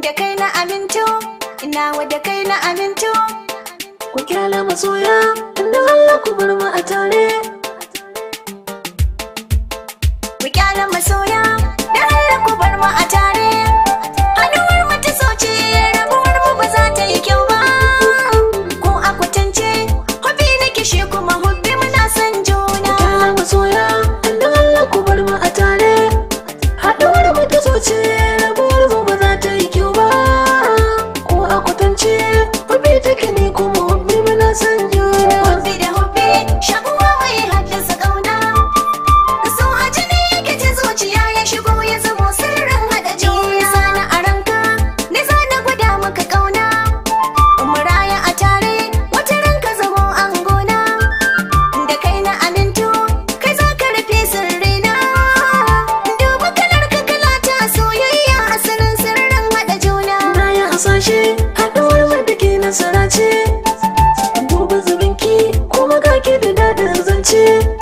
da kai na amintu wa da kai na amintu ku kyala masoya inda Allah ku bar mu a tare ku kyala masoya inda Allah ku bar mu a tare ce haɗuwar mu da ke nasara ce duba zumunki kuma kake da dadin zance